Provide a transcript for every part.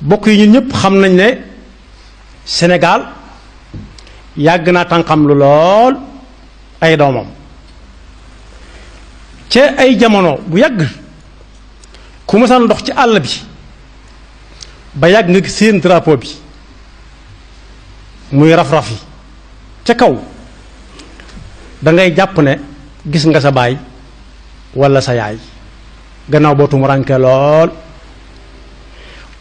bokk yi ñu ñëpp xam nañ ne senegaal yàgg naa tànqam lu lool ay doomam ci ay jamono bu yàgg ku mësaan ndox ci àll bi ba yàgg nga seen drapeau bi muy raf-raf ca kaw dangay jàpp ne gis nga sa baay walla sa yaay gannaaw bootu rànkee lool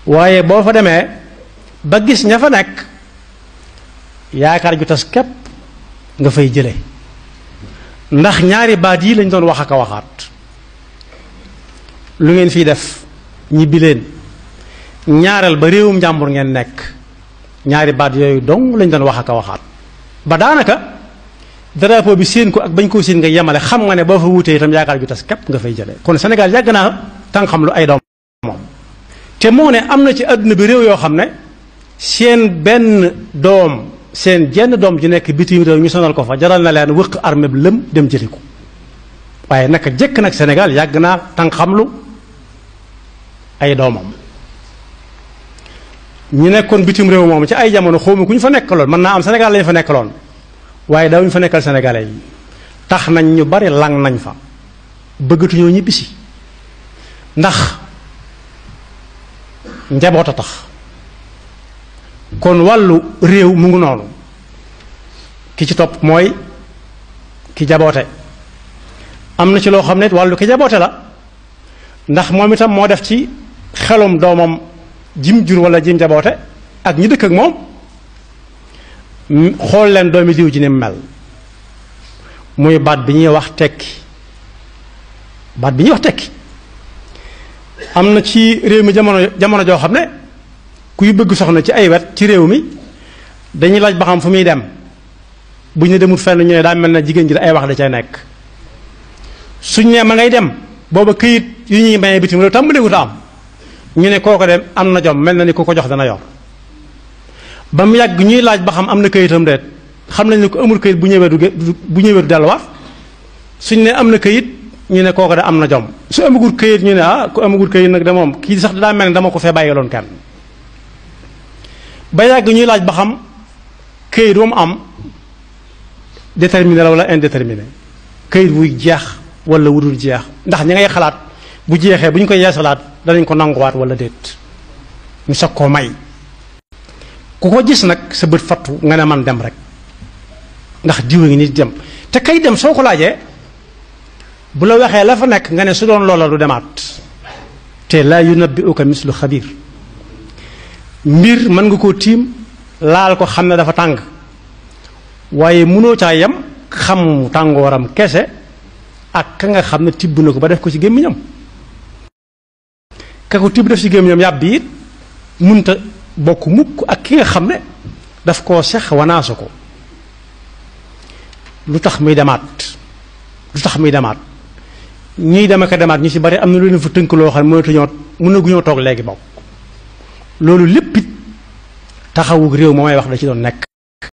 waaye boo fa demee ba gis ña fa nekk yaakaar ju tas képp nga fay jële ndax ñaari baat yi lañ doon wax ak a waxaat lu ngeen fii def ñibbi leen ñaareel ba réewum njàmbur ngeen nekk ñaari baat yooyu dong lañ doon wax ak a waxaat ba daanaka drapeau bi séen ko ak bañ koo séen nga yemale xam nga ne boo fa wutee itam yaakaar ju tas képp nga fay jële kon Sénégal yàgg naa tànqam lu ay doom te moo ne am na ci àdduna bi réew yoo xam ne seen benn doom seen jenn doom ji nekk bitim réew ñu sonal ko fa jaral na leen wëq armée bi lëm dem jëli ko waaye naka jëkk nag Sénégal yàgg naa tanq tànqamlu ay doomam ñu nekkoon bitim réew moom ci ay jamono xawma ku ñu fa nekkaloon mën naa am Sénégal lañu fa nekkaloon waaye daawuñu fa nekkal sénégalais yi tax nañ ñu bari lang nañ fa bëggatuñoo ñibbisi ndax njaboot a tax kon wàllu réew mu ngi noonu ki ci topp mooy ki jaboote am na ci loo xam ne wàllu ki jaboote la ndax moom itam moo def ci xelum doomam jim jur wala jim njaboote ak ñi dëkk ak moom xool leen doomi diw ji ni mel muy baat bi ñuy wax tekki baat bi ñuy wax tekki am na ci réew mi jamono jamono joo xam ne kuy bëgg soxna ci ay wet ci réew mi dañuy laaj ba xam fu muy dem bu ñu demut fenn ñu ne daa mel na jigéen ji da ay wax da cay nekk suñ ne ma ngay dem booba këyit yu ñuy mayee bitim réew tàmbaliwut a am ñu ne kooko dem am na jom mel na ni ku ko jox dana yor ba mu yàgg ñuy laaj ba xam am na këyitam deet xam nañ ne ko amul këyit bu ñëwee du bu ñëwee du delluwaat suñ ne am na këyit ñu ne kooko de am na jom su amagul kayit ñu ne ah ku amagul këyit nag da moom kii sax daa mel ne dama ko fee bàyyiloon kenn ba yàgg ñuy laaj ba xam këyit bu mu am déterminé la wala indéterminé këyit wuy jeex wala wudul jeex ndax ñi ngay xalaat bu jeexee bu ñu koy yeesalaat danañ ko nanguwaat wala déet ñu sag koo may ku ko gis nag sa bët fattu nga ne man dem rek ndax diwa ngi nit dem te kay dem soo ko laajee bu la waxee la fa nekk nga ne su doon loola du demaat te laa yunabbi'uka mislu xabiir mbir mën nga koo tiim laal ko xam ne dafa tàng waaye mënoo caa yem xam tàngooram kese ak ka nga xam ne tibb na ko ba def ko ci gémmiñam ka ko tibb def ci gémmiñam yàbb it munta bokk mukk ak ki nga xam ne daf koo sex wanaasu ko lu tax muy demaat lu tax muy demaat ñiy dem ak demaat ñu si bari am na lu leen fa tënk loo xam ne mënatuñoo mënaguñoo toog léegi bokk loolu lépp it taxawug réew moo may wax da ci doon nekk.